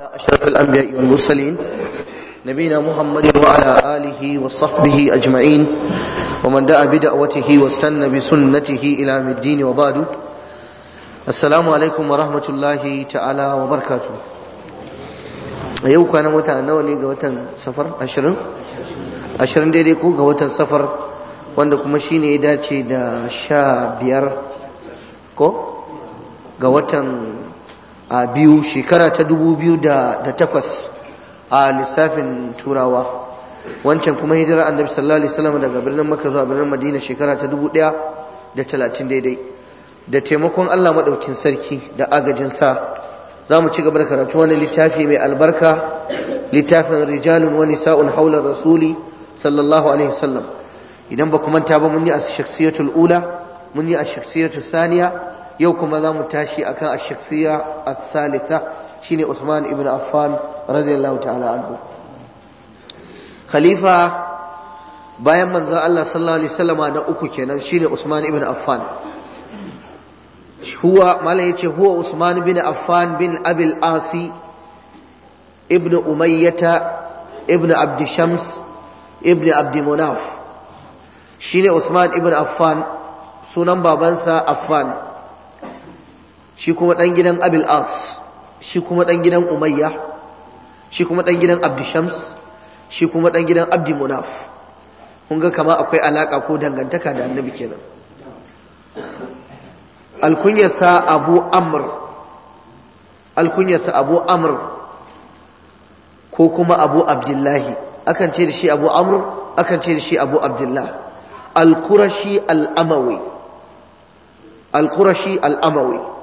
على أشرف الأنبياء والمرسلين نبينا محمد وعلى آله وصحبه أجمعين ومن دعا بدعوته واستنى بسنته إلى الدين وبعد السلام عليكم ورحمة الله تعالى وبركاته yau kwana wata nawa ne ga watan safar ashirin ashirin daidai ko ga watan safar wanda kuma shine ya dace da sha biyar ko ga watan a biyu shekara ta dubu biyu da takwas a lissafin turawa wancan kuma hijirar annabi sallallahu alaihi wasallam daga birnin makka zuwa birnin madina shekara ta dubu ɗaya da talatin daidai da taimakon allah maɗaukin sarki da agajinsa za mu ci gaba da karatu wani littafi mai albarka littafin rijalun wani sa'un haular rasuli sallallahu alaihi wasallam idan ba ku manta ba mun yi a shaksiyatul ula mun yi a shaksiyatul saniya yau kuma za mu tashi akan ashaksiya as-salisa shine Usman ibn Affan radiyallahu ta'ala anhu khalifa bayan manzon Allah sallallahu alaihi wasallama na uku kenan shine Usman ibn Affan huwa malai yace huwa Usman ibn Affan bin Abil Asi ibn Umayyata, ibn Abd Shams ibn Abd Munaf shine Usman ibn Affan sunan babansa Affan shi kuma ɗan gidan abil as shi kuma ɗan gidan umayya shi kuma ɗan gidan abdishams shi kuma ɗan gidan abdi munaf kun ga kama akwai alaƙa ko dangantaka da annabi kenan alkunyarsa abu amr alkunyarsa abu amr ko kuma abu abdullahi akan ce da shi abu amr akan ce da shi abu abdullah al-qurashi al-amawi al-qurashi al-amawi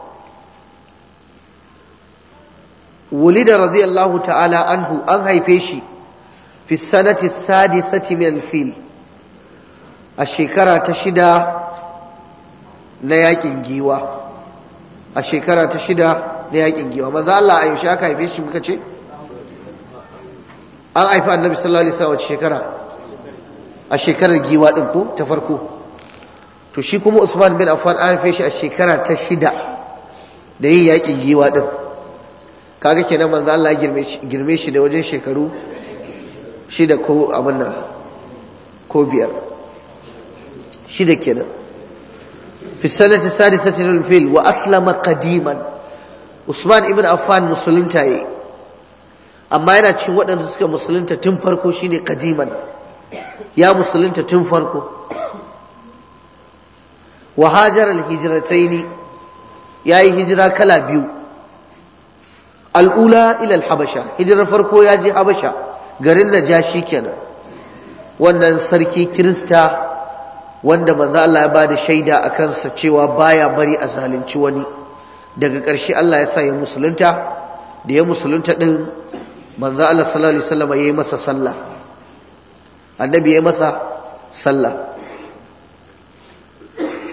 wulida radiyallahu ta'ala anhu an haife shi fi sanati sadisati min fil a shekara ta shida na yakin giwa a shekara ta shida na yakin giwa maza Allah a yaushe aka haife shi muka ce an haifi annabi sallallahu alaihi wasallam shekara a shekarar giwa din ko ta farko to shi kuma Usman bin Affan an haife shi a shekara ta shida da yin yakin giwa ɗin. kaga kenan manzo Allah girme shi da wajen shekaru shida ko abin nan ko biyar shida kenan fi sanati sadisati lil fil wa aslama qadiman Usman ibn Affan musulunta yi amma yana cikin waɗanda suka musulunta tun farko shine qadiman ya musulunta tun farko wa hajar al hijrataini yayi hijira kala biyu al'ula ilal habasha hijirar farko ya je habasha garin shi kenan wannan sarki kirista wanda manzo Allah ya da shaida a kansa cewa baya bari a zalunci wani daga ƙarshe Allah ya sa ya musulunta da ya musulunta ɗin manzo Allah sallallahu alaihi wasallam yi masa sallah annabi yayi masa sallah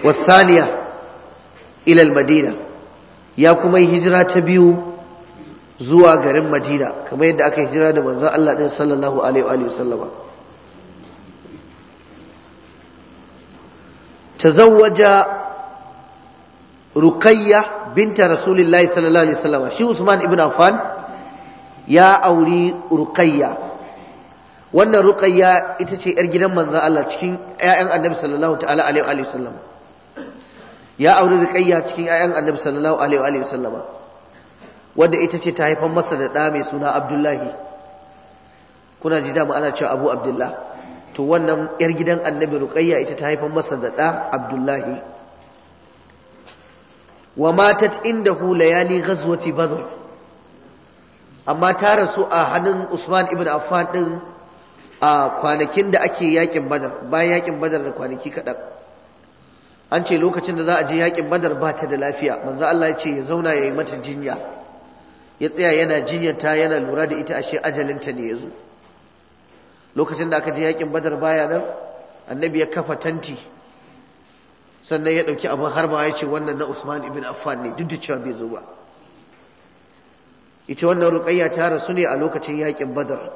wasaniya ila madina ya kuma yi hijira ta biyu zuwa garin madina kamar yadda aka hijira da manzan Allah ɗin sallallahu alaihi wa sallama tazawwaja ruqayya binta rasulillahi sallallahu alaihi wasallam shi usman ibn affan ya auri ruqayya wannan ruqayya ita ce yar gidan manzon Allah cikin ƴaƴan annabi sallallahu ta'ala alaihi wa sallam ya auri ruqayya cikin ƴaƴan annabi sallallahu alaihi wa sallama wadda ita ce ta haifar masa da ɗa mai suna abdullahi kuna ji dama ana cewa abu abdullah to wannan yar gidan annabi ruqayya ita ta haifar masa da ɗa abdullahi wa matat indahu layali ghazwati badr amma ta rasu a hannun usman ibn affan din a kwanakin da ake yakin badar bayan yakin badar da kwanaki kaɗan an ce lokacin da za a je yakin badar ba ta da lafiya manzo Allah ya ce ya zauna ya yi mata jinya ya tsaya yana jinyanta yana lura da ita ashe ajalinta ne ya zo lokacin da aka je yakin badar baya nan annabi ya kafa tanti sannan ya ɗauki abin harba ya ce wannan na usman ibn affan ne duk da cewa bai zo ba ita wannan ruqayya ta rasu ne a lokacin yakin badar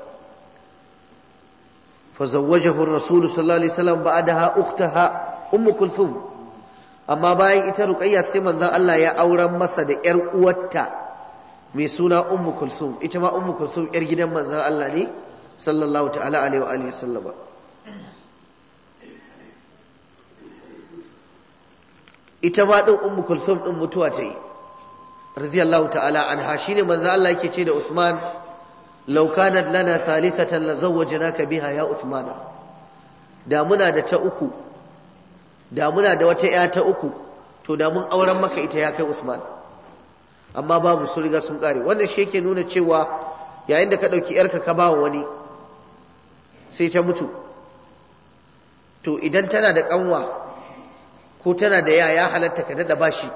fa zawwajahu rasulu sallallahu alaihi wasallam ba'daha ukhtaha umm kulthum amma bayan ita ruqayya sai manzon Allah ya auren masa da yar uwarta mai suna ummu kulsum ita ma ummu kulsum yar gidan manzon Allah ne sallallahu ta'ala alaihi wa alihi sallama ita ma din ummu kulsum din mutuwa ta yi radiyallahu ta'ala anha shine manzon Allah yake ce da Usman law kanat lana thalithatan lazawwajnaka biha ya Usmana da muna da ta uku da muna da wata ya ta uku to da mun auren maka ita ya kai Usman amma babu sun riga sun kare wannan shi yake nuna cewa yayin da ka ɗauki yarka ka ba wani sai ta mutu to idan tana da ƙanwa ko tana da yaya halatta ka daɗa bashi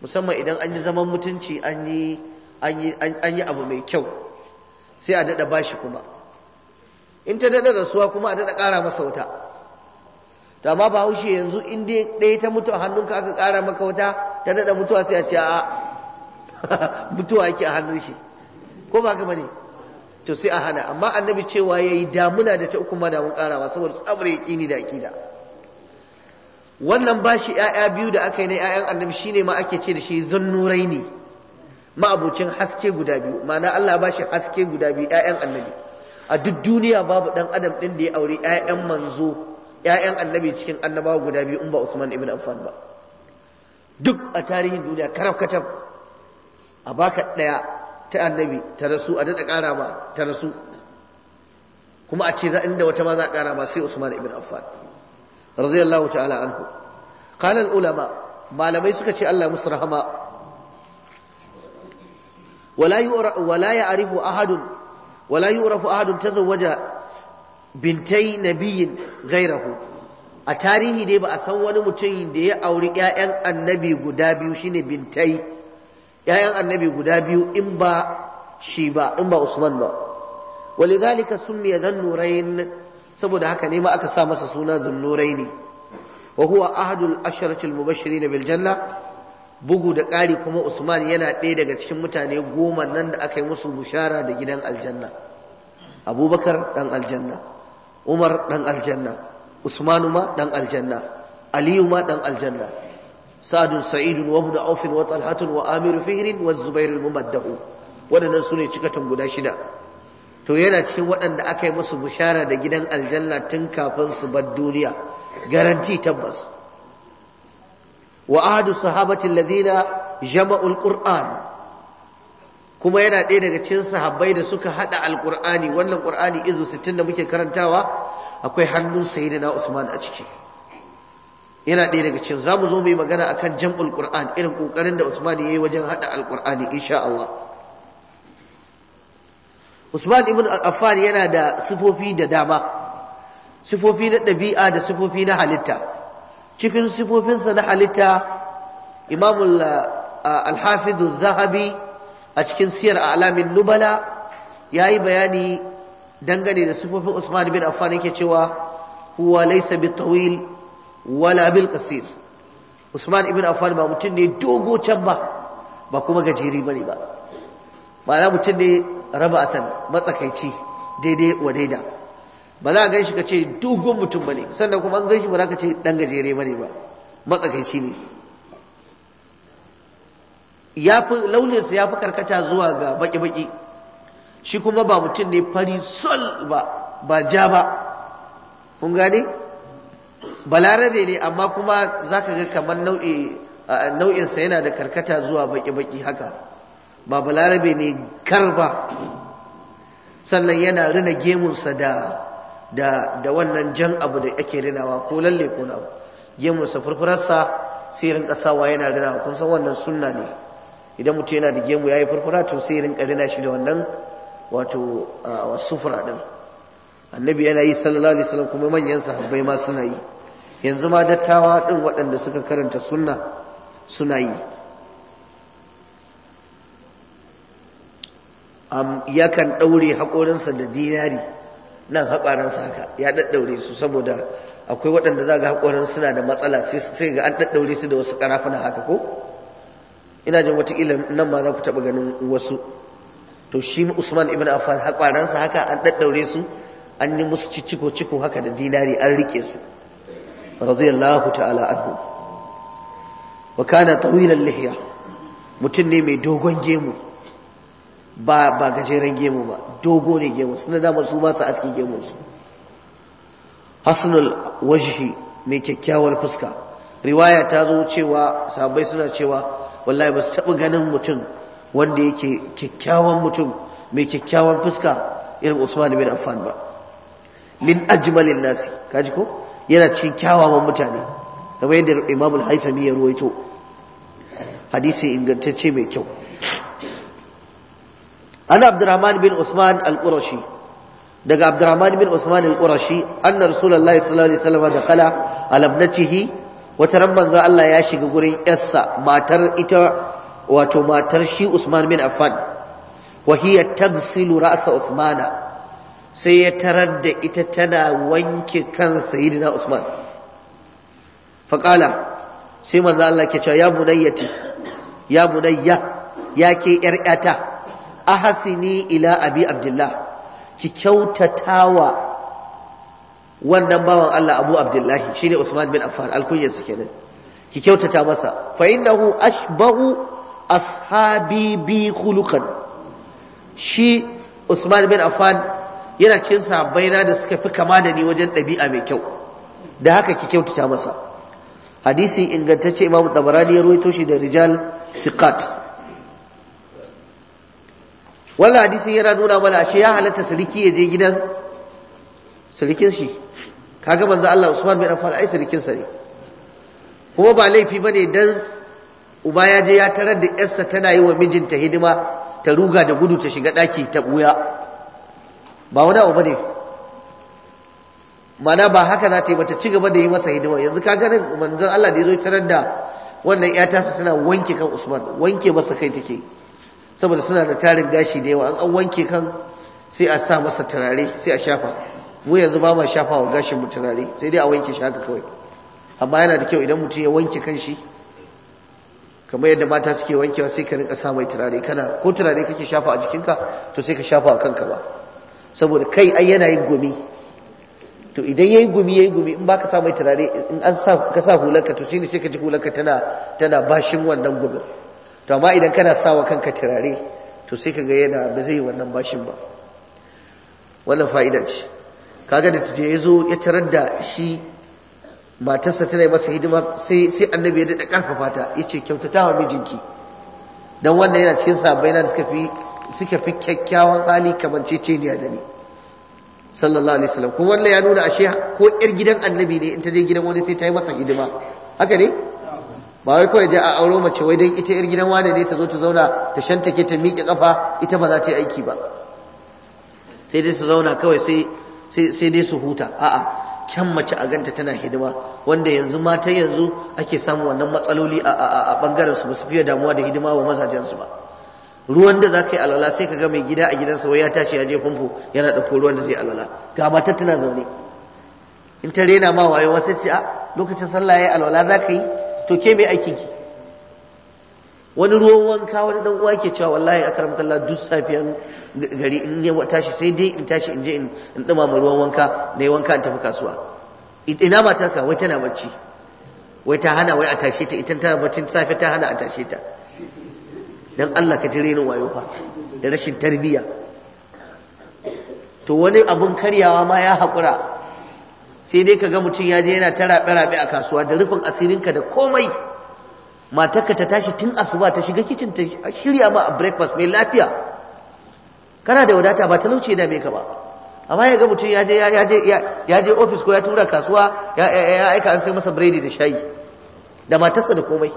musamman idan an yi zaman mutunci an yi abu mai kyau sai a daɗa bashi kuma in ta daɗa rasuwa kuma a daɗa ƙara masa wata to amma ba yanzu in dai ɗaya ta mutu a hannunka aka ƙara maka wata ta daɗa mutuwa sai a ce a mutuwa yake a hannun shi ko ba gaba ne to sai a hana amma annabi cewa ya yi damuna da ta uku ma damun karawa saboda tsabar ya kini da akida wannan bashi ƴaƴa biyu da aka yi na ƴaƴan annabi shine ma ake ce da shi zannurai ne ma'abucin haske guda biyu ma'ana Allah bashi haske guda biyu ƴaƴan annabi a duk duniya babu dan adam din da ya aure ƴaƴan manzo ƴaƴan annabi cikin annabawa guda biyu in ba Usman ibn Affan ba duk a tarihin duniya karaf katab a baka ɗaya ta annabi ta rasu a daɗa ƙara ma ta rasu kuma a ce za inda wata ma za a ƙara ma sai Usman ibn Affan radiyallahu ta'ala anhu qala al ulama malamai suka ce Allah musu rahama wala wala ya'rifu ahadun wala yu'rafu ahadun tazawwaja bintai nabiyyin ghairahu a tarihi dai ba a san wani mutum da ya auri 'ya'yan annabi guda biyu shine bintai ‘ya'yan annabi guda biyu in ba shi ba in ba Usman ba walidhalika summiya dhan nurayn saboda haka ne ma aka sa masa suna zan nuraini wa huwa ahadul asharatil mubashirin bil janna bugu da ƙari kuma Usman yana ɗaya daga cikin mutane goma nan da aka yi musu bushara da gidan aljanna Abubakar dan aljanna Umar dan aljanna Usmanu ma dan aljanna Aliyu ma dan aljanna sa'adun Sa'idu wa aufin auf wa talhatun wa amir fihr wa zubair al mumaddahu wadannan sune cikatan guda shida to yana cikin waɗanda aka yi musu bushara da gidan aljanna tun kafin su bar duniya garanti tabbas Wa'adu ahadu sahabati alladhina jama'ul qur'an kuma yana ɗaya daga cikin sahabbai da suka hada alqur'ani wannan qur'ani izu 60 da muke karantawa akwai hannun sayyidina usman a ciki yana ɗaya daga cikin za mu zo mu yi magana kan jam'ul qur'an irin ƙoƙarin da usman ya yi wajen haɗa alƙur'ani insha Allah usman ibn affan yana da sifofi da dama sifofi na ɗabi'a da sifofi na halitta cikin sifofinsa na halitta imamul alhafizu zahabi a cikin siyar alamin nubala ya yi bayani dangane da sifofin usman bin affan yake cewa huwa laysa bitawil wala bil qasir Usman ibn Affan ba mutum ne dogo can ba ba kuma gajeri bane ba Ba za mutum ne rabatan matsakaici daidai wa daida ba za a gan shi ka ce dogon mutum bane sannan kuma an gan shi ba za ka ce dan gajere bane ba matsakaici ne ya fi launinsa ya fi karkata zuwa ga baki-baki shi kuma ba mutum ne fari sol ba ba ja ba kun gane balarabe ne amma kuma za ka ga kamar nau'insa yana da karkata zuwa baki-baki haka ba balarabe ne karba sannan yana rina gemunsa da da da wannan jan abu da ake rinawa ko lalle ko na gemunsa furfurarsa sai rinka sawa yana rinawa kun san wannan sunna ne idan mutum yana da gemu yayi furfura to sai rinka rina shi da wannan wato sufura din annabi yana yi sallallahu alaihi wasallam kuma manyan sahabbai ma suna yi yanzu ma dattawa ɗin waɗanda suka karanta sunna suna yi yakan ɗaure haƙorinsa da dinari nan haƙaransa haka ya ɗaɗɗaure su saboda akwai waɗanda za ga haƙorin suna da matsala sai ga an ɗaɗɗaure su da wasu ƙarafuna haka ko ina jin wataƙila nan ma za ku taɓa ganin wasu to shi usman ibn affan haƙaransa haka an ɗaɗɗaure su an yi musu ciko ciko haka da dinari an riƙe su raziyallahu ta'ala anhu wa kana lihya mutum ne mai dogon gemu ba gajeren gemu ba dogo ne gemu suna dama su ba su aski gemun su hasnul wajhi mai kyakkyawar fuska riwaya ta zo cewa sabai suna cewa wallahi ba su taɓa ganin mutum wanda yake kyakkyawan mutum mai kyakkyawar fuska irin Usman bin Affan ba min ajmalin nasi kaji ko yana cikin kyawawan mutane kamar yadda imamul al-Haisami ya ruwaito hadisi ingantacce mai kyau ana Abdurrahman bin Usman al-Qurashi daga Abdurrahman bin Usman al-Qurashi anna Rasulullahi sallallahu alaihi wasallam dakala ala ibnatihi wata ran manzo Allah ya shiga gurin yarsa matar ita wato matar shi Usman bin Affan wa hiya tagsilu ra'sa Usmana sai ya tarar da ita tana wanke kan sayyidina Usman faƙala sai manzo Allah ke cewa ya bunayyati ya bunayya ya ke yar A hasini ila abi abdullah ki kyautata wa wannan bawan Allah Abu Abdullahi ne Usman bin Affan alkunyar su kenan ki kyautata masa fa innahu ashbahu ashabi bi khuluqan shi Usman bin Affan yana cikin sahabbai na da suka fi kama da ni wajen ɗabi'a mai kyau da haka ki kyautata masa hadisi ingantacce imamu tabarani ya ruwaito shi da rijal siqat wannan hadisi yana nuna mana ashe ya halatta sarki ya je gidan sarkin shi kaga manzo Allah Usman bin Affan ai sarkin sa ne kuma ba laifi bane dan uba ya je ya tarar da yarsa tana yi wa mijinta hidima ta ruga da gudu ta shiga daki ta buya ba wani abu bane mana ba haka za ta yi bata ci gaba da yi masa hidima yanzu ka ganin manzon Allah da ya zo tarar da wannan ya tasa tana wanke kan Usman wanke masa kai take saboda suna da tarin gashi da yawa an wanke kan sai a sa masa turare sai a shafa mu yanzu ba ma shafa wa gashin mu turare sai dai a wanke shi haka kawai amma yana da kyau idan mutum ya wanke kan shi kamar yadda mata suke wankewa sai ka rinka sa mai turare kana ko turare kake shafa a jikinka to sai ka shafa a kanka ba saboda kai ai yana yin gumi to idan yayi gumi yayi gumi in baka sa mai turare in an sa ka sa ka, to shine sai ka ji hulanka tana tana bashin wannan gumin to amma idan kana sawa kanka turare to sai ka ga yana ba zai wannan bashin ba wannan fa'ida ce kaga da tije ya zo ya tarar da shi matarsa tana yi masa hidima sai sai annabi ya daɗa ƙarfafa ta ya ce kyautatawa mijinki dan wannan yana cikin sabai na da suka fi suka fi kyakkyawan hali kamanceceniya da ni sallallahu alaihi wasallam kuma wannan ya nuna ashe ko yar gidan annabi ne in ta je gidan wani sai ta yi masa hidima haka ne ba wai kawai je a auro mace wai dan ita yar gidan wani ne ta zo ta zauna ta shantake ta miƙe kafa ita ba za ta yi aiki ba sai dai su zauna kawai sai sai dai su huta a'a kyan mace a ganta tana hidima wanda yanzu mata yanzu ake samun wannan matsaloli a bangaren su ba su fiye damuwa da hidima wa mazajensu ba ruwan da za ka yi alwala sai ka ga mai gida a gidansa wai ya tashi ya je famfo yana ɗauko ruwan da zai alwala ga matar tana zaune in ta rena ma wayo wasu ce a ah, lokacin sallah ya alwala za ka yi to ke mai aikin ki wani ruwan wanka wani dan uwa ke cewa wallahi akram kallah duk safiyan gari in ya tashi sai dai in tashi in je in ma ruwan wanka na yi wanka in tafi kasuwa ina matarka wai tana bacci wai ta hana wai a tashe ta ita tana baccin safe ta hana a tashe ta dan Allah ka jire ni wayo fa da rashin tarbiyya to wani abun karyawa ma ya haƙura sai dai ka ga mutum ya je yana ta raɓe-raɓe a kasuwa da rufin asirinka da komai matarka ta tashi tun asuba ta shiga kicin ta shirya ma a breakfast mai lafiya kana da wadata ba lauce da mai ka ba amma ya ga mutum ya ya je ofis ko ya tura kasuwa ya aika an sai masa biredi da shayi da matarsa da komai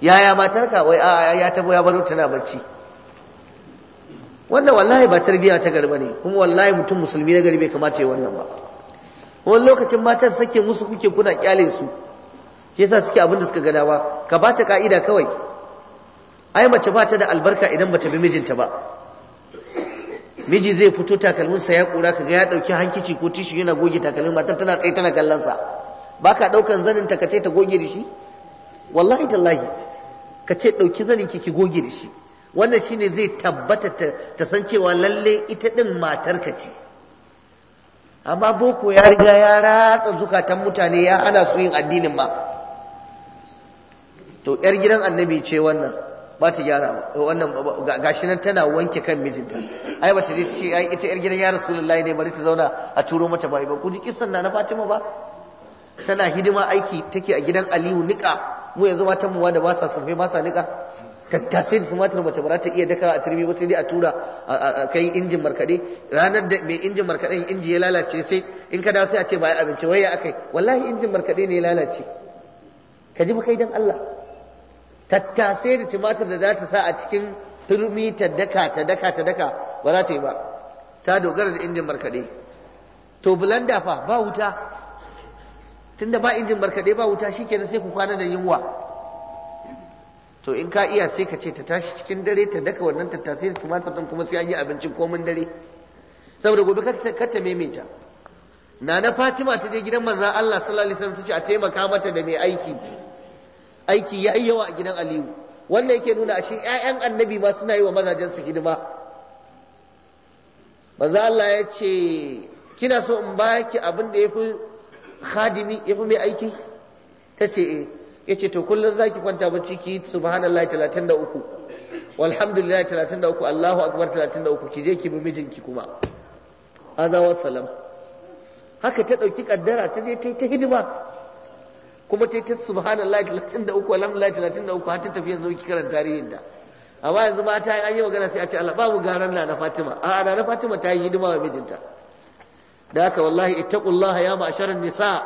yaya matarka wai a ya tabo ya baro tana bacci wannan wallahi ba tarbiyya ta garba ne kuma wallahi mutum musulmi na gari bai kamata ya wannan ba wani lokacin matar sake musu kuke kuna kyale su ke yasa suke abin da suka gada ba ka ba ta ka'ida kawai ai mace ba ta da albarka idan ba ta bi mijinta ba miji zai fito takalminsa ya kura kaga ya dauki hankici ko tishi yana goge takalmin matar tana tsaye tana kallon sa baka daukan zanin ta kace ta goge da shi wallahi tallahi ka ce ɗauki zanin ki ki goge da shi wannan shine zai tabbata ta san cewa lalle ita ɗin matarka ce amma boko ya riga ya ratsa zukatan mutane ya ana su yin addinin ma to yar gidan annabi ce wannan ba ta gyara eh, wannan gashi nan tana wanke kan mijinta ai ba ta je ce ai ita yar gidan ya rasulullahi ne bari ta zauna a turo mata bai ba ku ji kissan na na Fatima ba tana hidima aiki take a gidan Aliyu niƙa mu yanzu matan mu da ba sa sulfe ba sa nika tattasai da tumatir mace ba ta iya daka a turmi ba sai dai a tura a kai injin markaɗe ranar da mai injin markaɗen inji ya lalace sai in ka dawo sai a ce ba abinci wai ya akai wallahi injin markaɗe ne ya lalace ka ji kai dan Allah Tattase da tumatir da za ta sa a cikin turmi ta daka ta daka ta daka ba za ta yi ba ta dogara da injin markaɗe to blanda fa ba wuta tunda ba injin barkaɗe ba wuta shikenan sai ku kwana da yunwa to in ka iya sai ka ce ta tashi cikin dare ta daka wannan tattasai da tumatir din kuma sai an yi abincin komin dare saboda gobe ka ta maimaita nana fatima ta je gidan manzan Allah sallallahu alaihi wasallam ta ce a taimaka mata da mai aiki aiki ya yawa a gidan aliyu wannan yake nuna ashe ƴaƴan annabi ma suna yi wa mazajen su hidima manzo Allah ya ce kina so in baki abin da ya fi. khadimi ya fi mai aiki ta ce eh ya ce to kullum za ki kwanta bacci ki subhanallah talatin da uku walhamdulillah talatin da uku allahu akbar talatin da uku ki je ki bi mijinki kuma azawar salam haka ta ɗauki kaddara ta je ta yi ta hidima kuma ta yi ta subhanallah talatin da uku alhamdulillah talatin da uku har ta tafi yanzu ki karanta tarihin da amma yanzu mata an yi magana sai a ce Allah babu garan na na Fatima a'a na na Fatima ta yi hidima wa mijinta da haka wallahi ittaqullaha ya ma'sharan nisa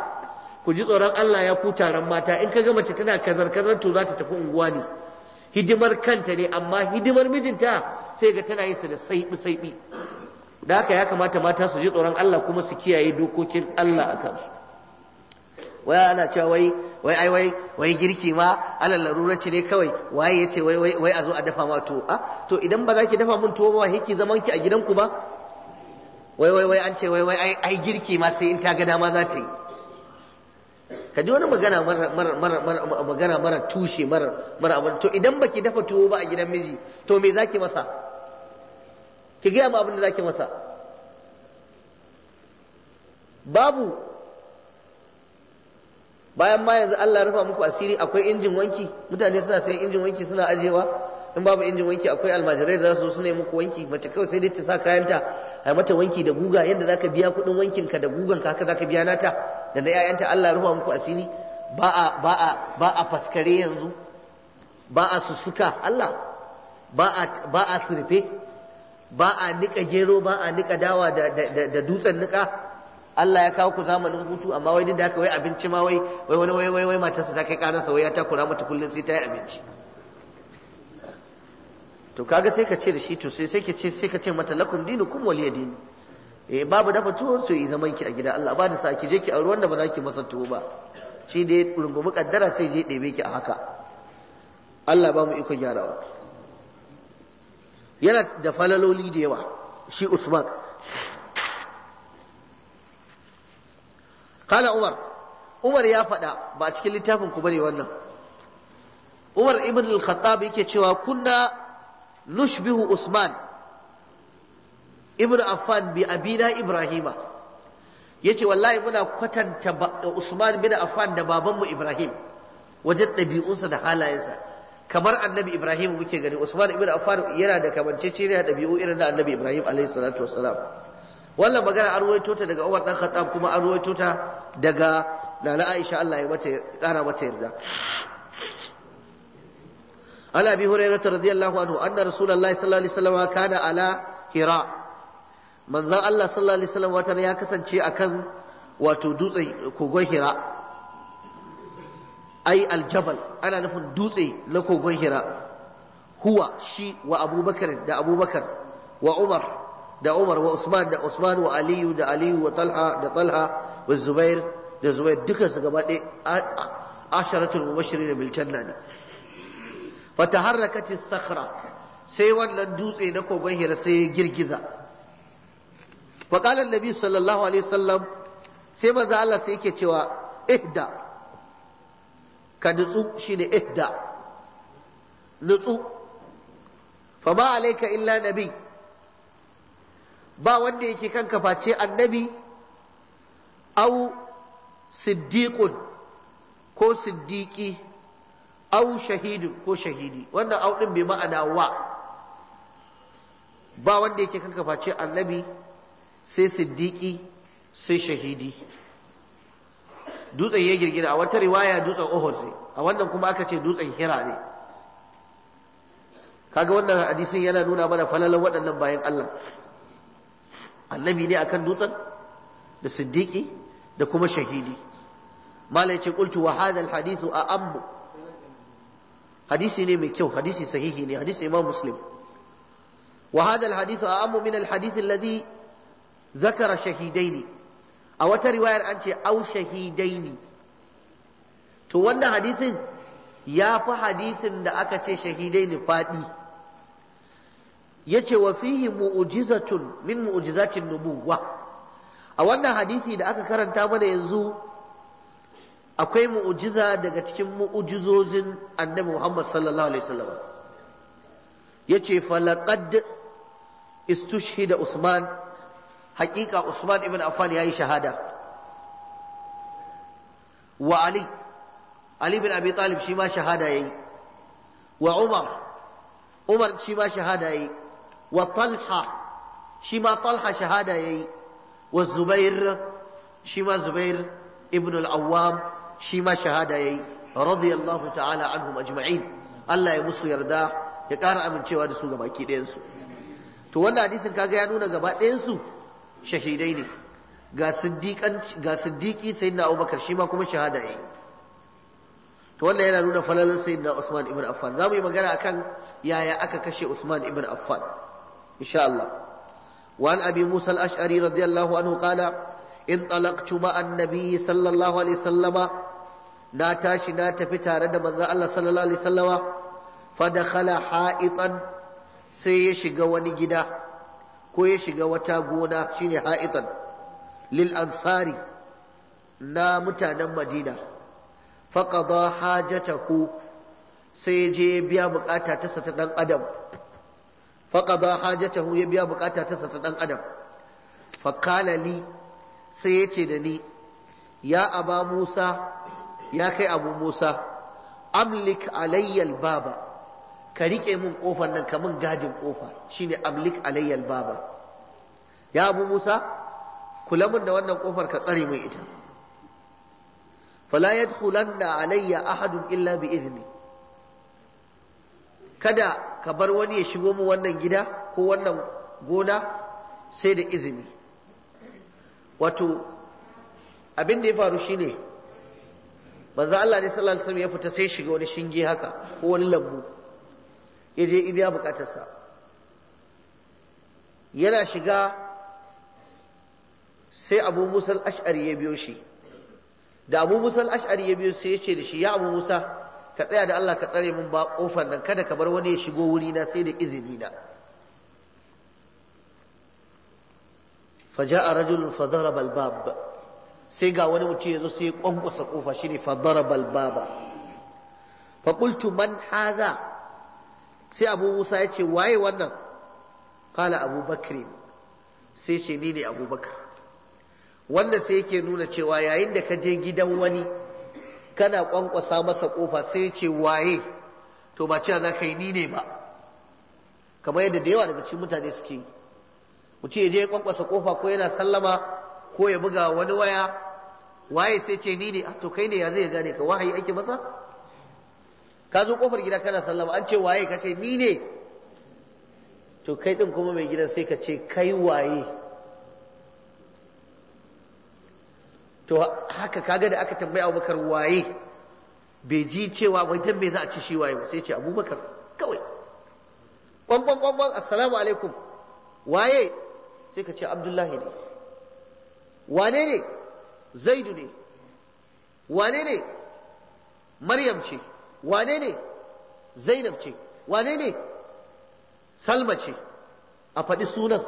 ku ji tsoron Allah ya kuta ran mata in kaga mace tana kazar kazar to za ta tafi unguwa ne hidimar kanta ne amma hidimar mijinta sai ga tana yin sa da saibi saibi da haka ya kamata mata su ji tsoron Allah kuma su kiyaye dokokin Allah a kansu waya ana cewa wai wai ai wai wai girki ma alal ne kawai waye yace wai wai a zo a dafa ma to a ah, to idan ba za ki dafa mun tuwo ba hiki zaman ki a gidanku ba wai wai wai an ce wai wai ai girki ma sai in ta ga dama za ta yi ka ji wani magana mara mara tushe mara mara to idan baki dafa tuwo ba a gidan miji to me zaki masa ki gaya ma abin da zaki masa babu bayan ma yanzu Allah rufa muku asiri akwai injin wanki mutane suna sayan injin wanki suna ajewa in babu injin wanki akwai almajirai da za su su muku wanki mace kawai sai dai ta sa kayanta a mata wanki da guga yadda zaka biya kuɗin wankin ka da gugan ka haka zaka biya nata da na ƴaƴanta Allah rufa muku asiri ba a ba a ba a faskare yanzu ba a susuka Allah ba a ba a surfe ba a nika gero ba a nika dawa da dutsen nika Allah ya kawo ku zamanin hutu amma wai da haka wai abinci ma wai wai wani wai wai matarsa ta kai karansa wai ya takura mata kullum sai ta yi abinci to kaga sai ka ce da shi to sai sai ka ce sai ka ce mata lakum dinukum waliya dini eh babu dafa tuwo so yi zaman ki a gida Allah ba da sa ki je ki auri wanda ba za ki masa tuwo ba shi da kaddara sai je ɗebe ki a haka Allah ba mu iko gyarawa yana da falaloli da yawa shi Usman kala Umar Umar ya faɗa ba cikin littafin ku bane wannan Umar ibn al-Khattab yake cewa kunna nushbihu Usman ibn Affan bi abina Ibrahima yace wallahi muna kwatanta Usman bin Affan da babanmu Ibrahim wajen ɗabi'unsa da halayensa kamar annabi Ibrahim muke gani Usman ibn Affan yana da kamanceceniya ɗabi'u irin na annabi Ibrahim alaihi salatu wassalam wannan magana an ruwaito ta daga Umar dan Khattab kuma an ruwaito ta daga Lala Aisha Allah ya mata kara mata yarda عن ابي هريره رضي الله عنه ان رسول الله صلى الله عليه وسلم كان على هراء من ذا الله صلى الله عليه وسلم وتر يا كسنشي اكن واتو دوتسي كوغون هراء اي الجبل انا نفن دوتسي لكوغون هراء هو شي وابو بكر دا ابو بكر وعمر دا عمر وعثمان دا عثمان وعلي دا علي وطلحه دا طلحه والزبير da zubair dukansu gaba ɗaya asharatul mubashirin bil janna ne fataharrakat as-sakhra sai wannan dutse na kogon hira sai ya girgiza wa qala sallallahu alaihi sai maza Allah sai yake cewa ihda ka nutsu ne ihda nutsu fa ba alaika illa nabi ba wanda yake kanka face annabi au siddiqun ko siddiqi au shahidun ko shahidi wannan au din bai ma'ana wa ba wanda yake kanka face annabi sai siddiqi sai shahidi dutsen ya girgida a wata riwaya dutsen Uhud ne a wannan kuma aka ce dutsen Hira ne kaga wannan hadisin yana nuna mana falalan waɗannan bayan Allah annabi ne akan dutsen da siddiqi da kuma shahidi malai ce qultu wa hadha alhadithu a'ammu hadisi ne mai kyau hadisi sahihi ne hadisi imam muslim wa hadha al hadithu a'ammu min al hadith alladhi zakara shahidaini a wata riwayar an ce au shahidaini to wannan hadisin ya fi hadisin da aka ce shahidaini faɗi yace wa fihi mu'jizatun min mu'jizatin nubuwa a wannan hadisi da aka karanta mana yanzu akwai mu'ujiza daga cikin mu'ujizozin annabi Muhammad sallallahu alaihi wasallam yace falaqad istushhida Usman haƙiƙa Usman ibn Affan yayi shahada wa Ali Ali bin Abi Talib shi ma shahada yayi wa Umar Umar shi ma shahada yayi wa Talha shi ma Talha shahada yayi wa Zubair shi ma Zubair ibn al-Awwam shi ma shahada yayi radiyallahu ta'ala anhum ajma'in Allah ya musu yarda ya ƙara amincewa da su gabaki ɗayan su to wanda hadisin kaga ya nuna gaba ɗayan shahidai ne ga siddiqan ga siddiqi sayyidina Abubakar shi ma kuma shahada yayi to wannan yana nuna falalan sayyidina Usman ibn Affan za mu yi magana akan yaya aka kashe Usman ibn Affan insha Allah wa an abi Musa al-Ash'ari radiyallahu anhu qala انطلقت مع النبي صلى الله عليه وسلم na tashi na tafi tare da manzon Allah sallallahu alaihi sallama fa dakhala ha'itan sai ya shiga wani gida ko ya shiga wata gona shine ha'itan lil ansari na mutanen Madina fa qada hajatahu sai je biya bukata ta sa ta dan adam fa qada hajatahu ya biya bukata ta sa ta dan adam fa qala li sai ya ce da ni ya aba musa ya kai abu musa amlik alayyal baba ka rike mun ƙofar nan kamar gadin ƙofa shine amlik alayyal baba ya abu musa kula mun da wannan kofar ka tsare mai ita fala yadkhulanna alayya ahadun illa bi izni kada ka bar wani ya shigo min wannan gida ko wannan gona sai da izini wato abin da ya faru shine manzo Allah ne sallallahu alaihi wasallam ya fita sai shiga wani shinge haka ko wani lambu ya je ibiya bukatarsa yana shiga sai abu musa al-ash'ari ya biyo shi da abu musa al-ash'ari ya biyo sai ya ce da shi ya abu musa ka tsaya da Allah ka tsare min ba kofar nan kada ka bar wani ya shigo wuri na sai da izini na فجاء رجل فضرب الباب sai ga wani mutum zo sai ya ƙofa shi shine fa darabal baba man haza. sai abu musa ya ce waye wannan Kala abu bakri sai ce ni ne abubakar wanda sai yake nuna cewa yayin da ka je gidan wani kana ƙwanƙwasa masa ƙofa sai ce waye to ba cewa za ka yi ni ne ba kamar yadda da yawa daga cikin mutane suke yi mutum ya je ya ƙwanƙwasa ƙofa ko yana sallama ko ya buga wani waya waye sai ce ni ne ah, to kai ne ya zai gane ka wahayi ake masa ka zo kofar gida kana sallama an ce waye ka ce ni ne to kai din kuma mai gidan sai ka ce kai waye to haka kaga da aka tambaya abubakar waye bai ji cewa bai tambaye za a ci shi waye ba sai ce abubakar kawai kwan kwan kwan assalamu alaikum waye sai ka ce abdullahi ne wane ne zaidu ne wane ne maryam ce wane ne zainab ce wane ne salma ce a faɗi sunan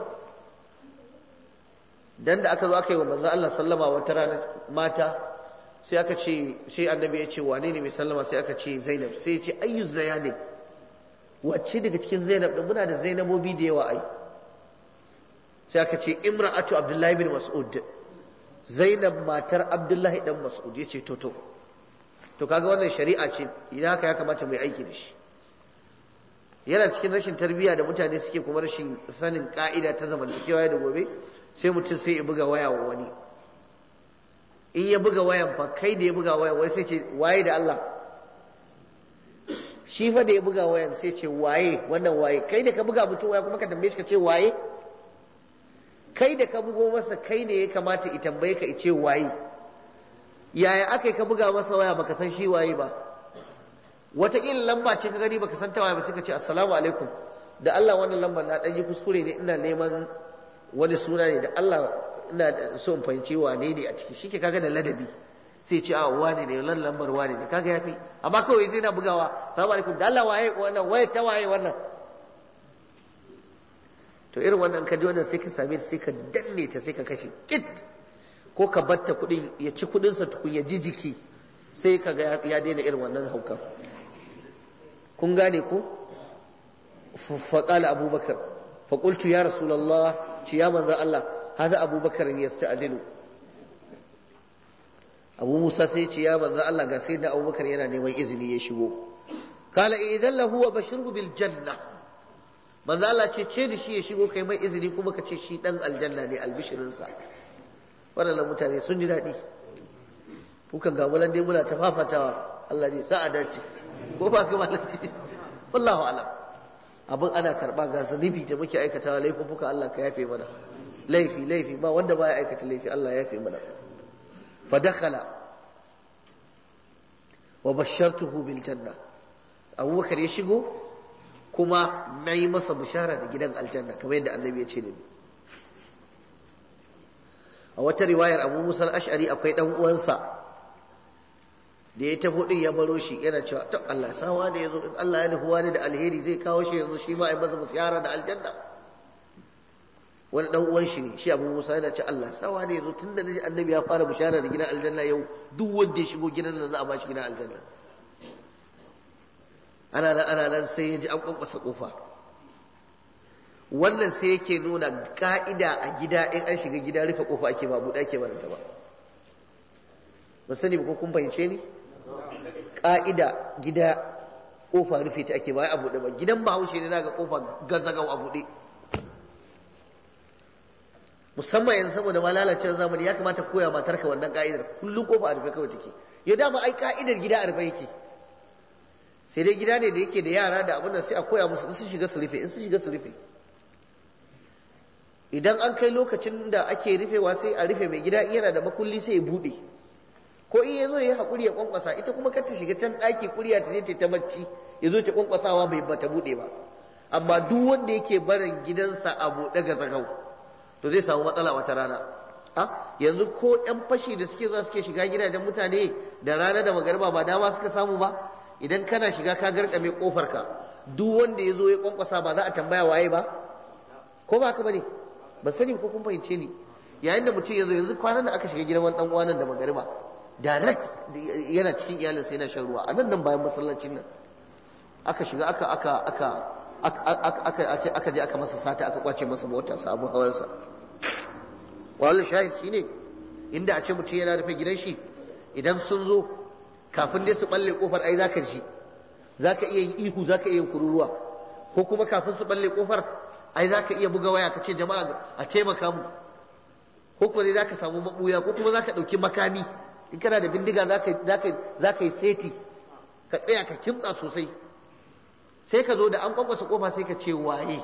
dan da aka zo aka yi wa manzo Allah sallama wata rana mata sai aka ce sai annabi ya ce wane ne mai sallama sai aka ce zainab sai ya ce ayyu ne. wacce daga cikin zainab din muna da zainabobi da yawa ai sai aka ce imra'atu abdullahi bin mas'ud zainab matar abdullahi dan mas'ud ya ce to to to kaga wannan shari'a ce idan haka ya kamata mu yi aiki da shi yana cikin rashin tarbiyya da mutane suke kuma rashin sanin ka'ida ta zamantakewa da gobe sai mutum sai ya buga waya wa wani in ya buga wayan fa kai da ya buga wayan wai sai ce waye da Allah shi fa da ya buga wayan sai ce waye wannan waye kai da ka buga mutum waya kuma ka tambaye shi ka ce waye kai da ka bugo masa kai ne ya kamata i tambaye ka ice waye yaya aka yi ka buga masa waya baka san shi waye ba wataƙila lamba ce ka gani baka san ta waye ba suka ce assalamu alaikum da Allah wannan lambar na ɗan yi kuskure ne ina neman wani suna ne da Allah ina so in fahimci wane ne a ciki shike kaga da ladabi sai ce a ah, wane ne lan lambar wane ne kaga yafi amma kawai zai na bugawa assalamu alaikum da Allah waye wannan waye ta waye wannan to irin wannan ka ji wannan sai ka same ta sai ka danne ta sai ka kashe kit ko ka batta kuɗin ya ci kuɗinsa tukun ya ji jiki sai ka ga ya daina irin wannan haukan kun gane ko faƙala abubakar faƙultu ya rasulallah ci ya manzan Allah haza abubakar ya sta'adilu abu musa sai ce ya manzan Allah ga sai da abubakar yana neman izini ya shigo kala idan lahu wa bashirhu bil janna manzo Allah ce ce da shi ya shigo kai mai izini kuma ka ce shi dan aljanna ne albishirinsa waɗannan mutane sun ji daɗi kukan ga mulan dai muna ta fafatawa Allah ne sa a dace ko ba ka malaci wallahu alam abin ana karba ga zunubi da muke aikatawa fuka Allah ka yafe mana laifi laifi ba wanda ba ya aikata laifi Allah ya yafe mana fa dakhala wa bashartuhu bil janna abubakar ya shigo kuma na yi masa bishara da gidan aljanna kamar yadda annabi ya ce da ni a wata riwayar abu musal ash'ari akwai dan uwansa da ya tafi din ya baro shi yana cewa to Allah sawa da yazo in Allah ya nufi wani da alheri zai kawo shi yanzu shi ma ai masa bishara da aljanna wani dan uwan shi ne shi abu musa yana cewa Allah sawa da yazo tunda da annabi ya fara bishara da gidan aljanna yau duk wanda ya shigo gidan nan za a ba shi gidan aljanna ana nan ana nan sai ya ji an kwankwasa kofa wannan sai yake nuna ka'ida a gida in an shiga gida rufe kofa ake ba buɗe ake baranta ba ba sani ba ko kun fahimce ni ka'ida gida kofa rufe ta ake ba a buɗe ba gidan bahaushe ne za ga kofa gazagau a buɗe musamman yanzu saboda ma lalacewar zamani ya kamata koya matarka wannan ka'idar kullum kofa a rufe kawai take ya dama ai ka'idar gida a rufe yake sai dai gida ne da yake da yara da abin nan sai a koya musu in su shiga su rufe in su shiga su rufe idan an kai lokacin da ake rufewa sai a rufe mai gida in yana da makulli sai ya bude ko in ya zo ya haƙuri ya kwankwasa ita kuma kar ta shiga can ɗaki ƙuriya ta je ta bacci ya zo ta kwankwasawa bai bata bude ba amma duk wanda yake barin gidansa a buɗe ga zagau to zai samu matsala wata rana a ah, yanzu ko ɗan fashi da suke zuwa suke shiga gidajen mutane da rana da magarba ba dama suka samu ba idan kana shiga ka garkame kofarka duk wanda ya zo ya kwankwasa ba za a tambaya waye ba ko ba ka bane ba sani ko kun fahimce ni yayin da mutum ya zo yanzu kwanan da aka shiga gidan wani dan uwanan da magariba direct yana cikin iyalinsa yana shan ruwa a nan nan bayan masallacin nan aka shiga aka aka aka aka je aka masa sata aka kwace masa motar hawan sa wallahi shahid shine inda a ce mutum yana rufe gidan shi idan sun zo kafin dai su balle kofar ai zaka ji zaka iya yin ihu zaka iya yin kururuwa ko kuma kafin su balle kofar ai zaka iya buga waya kace jama'a a taimaka mu ko kuma dai zaka samu mabuya ko kuma zaka dauki makami in kana da bindiga zaka zaka zaka yi seti ka tsaya ka kimtsa sosai sai ka zo da an kwakwasa kofa sai ka ce waye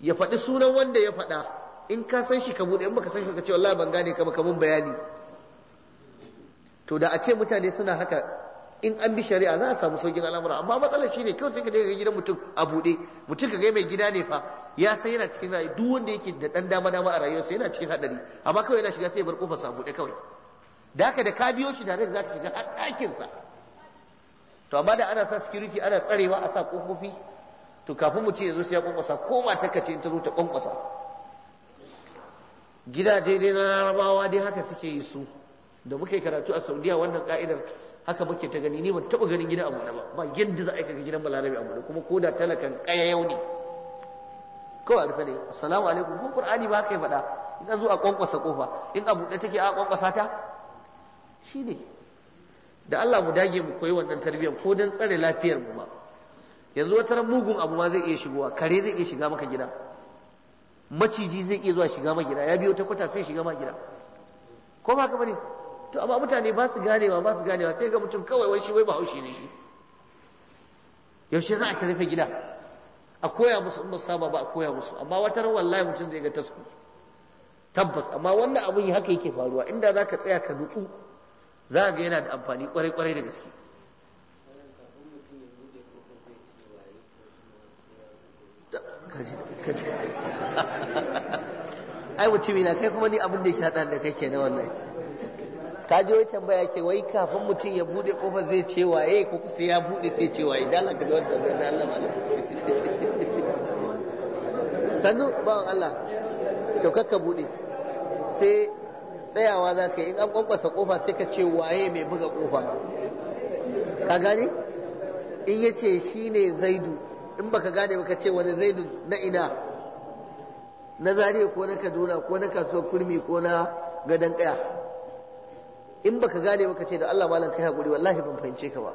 ya faɗi sunan wanda ya faɗa in ka san shi ka buɗe in baka san shi ka ce wallahi ban gane ka ba ka mun bayani to da a ce mutane suna haka in an bi shari'a za a samu saukin al'amura amma matsalar shi ne kawai sai ka ga gidan mutum a buɗe mutum ka ga mai gida ne fa ya san yana cikin rayu duk wanda yake da dan dama dama a rayuwarsa yana cikin hadari amma kawai yana shiga sai ya bar kofar sa buɗe kawai da haka da ka biyo shi da za ka shiga har ɗakin sa to amma da ana sa security ana tsarewa a sa kofofi to kafin mutum ya zo sai ya kwankwasa ko mata ka ce ta zo ta kwankwasa gidaje dai na rabawa dai haka suke yi su da muke karatu a saudiya wannan ka'idar haka muke ta gani ni ban taɓa ganin gidan abu na ba ba yadda za a yi gidan balarabi abu na kuma ko da talakan kaya yau ne kawai a rufe ne assalamu alaikum ko qur'ani ba ka yi faɗa in an zo a kwankwasa kofa in abu da take a kwankwasa ta Shi ne. da Allah mu dage mu koyi wannan tarbiyyar ko dan tsare lafiyar mu ba yanzu wata mugun abu ma zai iya shigowa kare zai iya shiga maka gida maciji zai iya zuwa shiga maka gida ya biyo ta kwata sai shiga maka gida ko ba ka bane to amma mutane ba su ganewa ba su ganewa sai ga mutum kawai wai shi wai ba haushi ne shi yaushe za a ci rufe gida a koya musu in ba saba ba a koya musu amma wata ran wallahi mutum zai ga tasku tabbas amma wannan abun haka yake faruwa inda za ka tsaya ka nutsu za ga yana da amfani kwarai kwarai da gaske ai mutum na kai kuma ni abin da yake da kai ke na wannan ka ji wai tambaya ce wai kafin mutum ya bude kofar zai ce eh ko sai ya bude sai ce wa idan aka ji da wannan tambayar Allah ba sannu ba Allah to kakka bude sai tsayawa za ka yi in an kwankwasa kofa sai ka ce waye mai buga kofa ka gane in ya ce shi ne zaidu in baka gane baka ce wani zaidu na ina na zariya ko na kaduna ko na kasuwar kurmi ko na gadon kaya in baka gane maka ce da Allah malam kai hakuri wallahi ban fahimce ka ba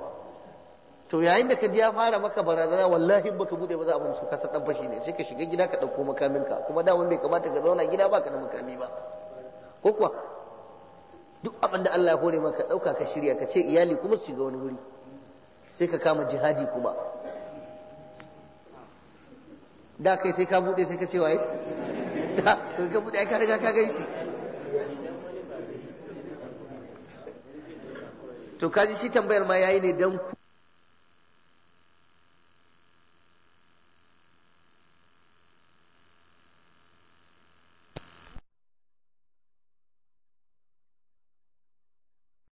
to yayin da ka ji ya fara maka barazana wallahi baka bude ba za a bincika kasar dan fashi ne sai ka shiga gida ka dauko makaminka kuma da wanda bai kamata ka zauna gida ba ka da makami ba ko kuwa duk abin da Allah ya hore maka dauka ka shirya ka ce iyali kuma su shiga wani wuri sai ka kama jihadi kuma da kai sai ka bude sai ka ce waye da ka bude ka riga ka gaishe to kaji shi tambayar ma yayi ne dan